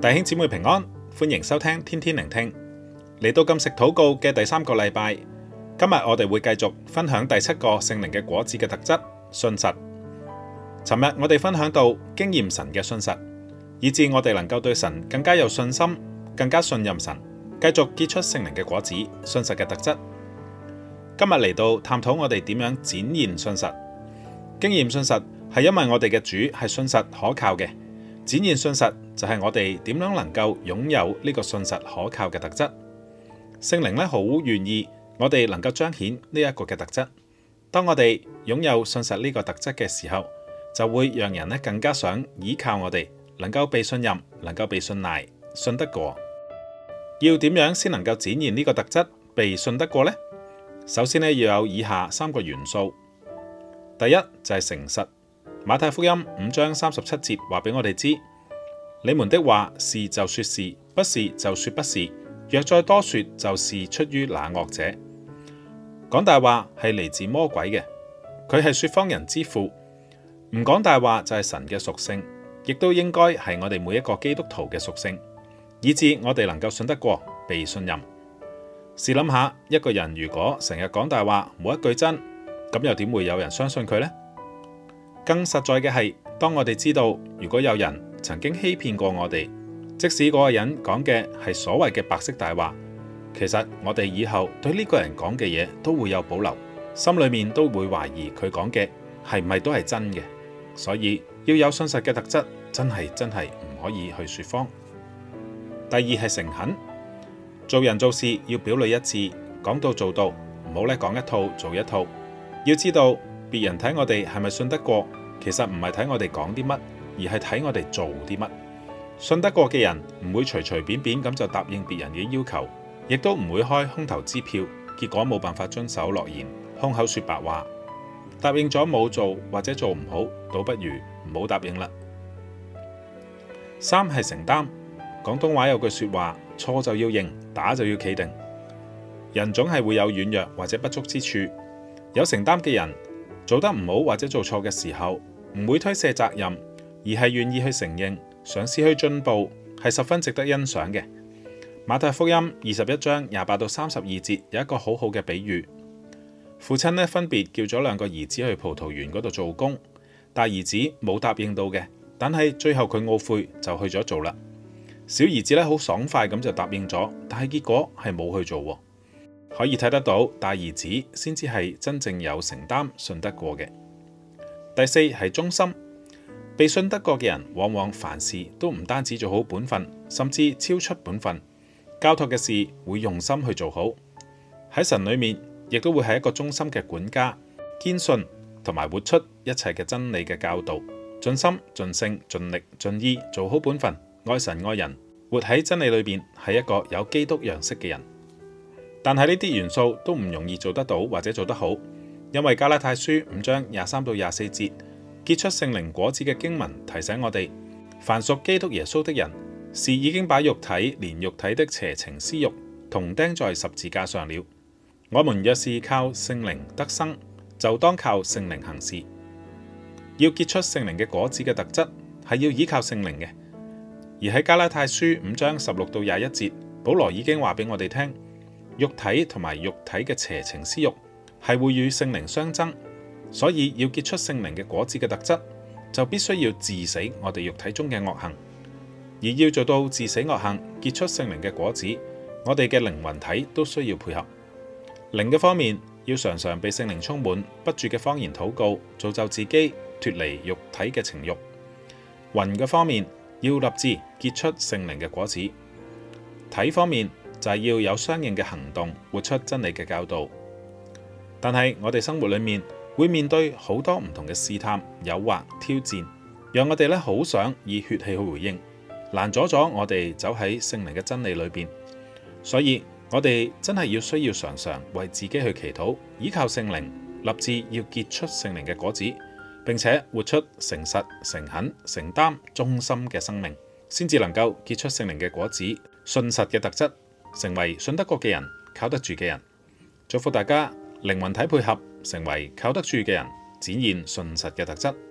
弟兄姊妹平安，歡迎收聽天天靈聽。嚟到禁食禱告嘅第三個禮拜，今日我哋會繼續分享第七個聖靈嘅果子嘅特質——信實。尋日我哋分享到經驗神嘅信實，以致我哋能夠對神更加有信心，更加信任神，繼續結出聖靈嘅果子——信實嘅特質。今日嚟到探討我哋點樣展現信實。經驗信實係因為我哋嘅主係信實可靠嘅。展現信實就係、是、我哋點樣能夠擁有呢個信實可靠嘅特質，聖靈咧好願意我哋能夠彰顯呢一個嘅特質。當我哋擁有信實呢個特質嘅時候，就會讓人咧更加想依靠我哋，能夠被信任，能夠被信賴，信得過。要點樣先能夠展現呢個特質，被信得過呢？首先咧要有以下三個元素，第一就係、是、誠實。馬太福音五章三十七節話俾我哋知：你們的話是就說是，不是就說不是。若再多說，就是出於那惡者。講大話係嚟自魔鬼嘅，佢係說謊人之父。唔講大話就係神嘅屬性，亦都應該係我哋每一個基督徒嘅屬性，以致我哋能夠信得過、被信任。試諗下，一個人如果成日講大話，冇一句真，咁又點會有人相信佢呢？更實在嘅係，當我哋知道如果有人曾經欺騙過我哋，即使嗰個人講嘅係所謂嘅白色大話，其實我哋以後對呢個人講嘅嘢都會有保留，心裏面都會懷疑佢講嘅係咪都係真嘅。所以要有信實嘅特質，真係真係唔可以去說謊。第二係誠懇，做人做事要表裡一致，講到做到，唔好咧講一套做一套。要知道。別人睇我哋係咪信得過，其實唔係睇我哋講啲乜，而係睇我哋做啲乜。信得過嘅人唔會隨隨便便咁就答應別人嘅要求，亦都唔會開空頭支票，結果冇辦法遵守諾言，空口說白話，答應咗冇做或者做唔好，倒不如唔好答應啦。三係承擔，廣東話有句說話，錯就要認，打就要企定。人總係會有軟弱或者不足之處，有承擔嘅人，做得唔好或者做錯嘅時候，唔會推卸責任，而係願意去承認，想試去進步，係十分值得欣賞嘅。馬太福音二十一章廿八到三十二節有一個好好嘅比喻，父親呢分別叫咗兩個兒子去葡萄園嗰度做工，大兒子冇答應到嘅，但係最後佢懊悔就去咗做啦。小兒子呢好爽快咁就答應咗，但係結果係冇去做。可以睇得到，大兒子先至係真正有承擔、信得過嘅。第四係忠心，被信得過嘅人，往往凡事都唔單止做好本分，甚至超出本分。交託嘅事會用心去做好。喺神裏面，亦都會係一個忠心嘅管家，堅信同埋活出一切嘅真理嘅教導，盡心、盡性、盡力、盡意做好本分，愛神愛人，活喺真理裏邊，係一個有基督樣式嘅人。但係呢啲元素都唔容易做得到或者做得好，因為加拉太書五章廿三到廿四節結出聖靈果子嘅經文提醒我哋，凡屬基督耶穌的人是已經把肉體連肉體的邪情私慾同釘在十字架上了。我們若是靠聖靈得生，就當靠聖靈行事，要結出聖靈嘅果子嘅特質係要倚靠聖靈嘅。而喺加拉太書五章十六到廿一節，保羅已經話俾我哋聽。肉體同埋肉體嘅邪情私慾係會與聖靈相爭，所以要結出聖靈嘅果子嘅特質，就必須要治死我哋肉體中嘅惡行。而要做到治死惡行，結出聖靈嘅果子，我哋嘅靈魂體都需要配合。靈嘅方面要常常被聖靈充滿，不住嘅方言禱告，造就自己脫離肉體嘅情慾。魂嘅方面要立志結出聖靈嘅果子。體方面。就係、是、要有相應嘅行動，活出真理嘅教導。但係我哋生活裏面會面對好多唔同嘅試探、誘惑、挑戰，讓我哋咧好想以血氣去回應，難阻咗我哋走喺聖靈嘅真理裏邊。所以我哋真係要需要常常為自己去祈禱，倚靠聖靈，立志要結出聖靈嘅果子，並且活出誠實、誠懇、承擔、忠心嘅生命，先至能夠結出聖靈嘅果子，信實嘅特質。成為信得過嘅人，靠得住嘅人，祝福大家靈魂體配合，成為靠得住嘅人，展現信實嘅特質。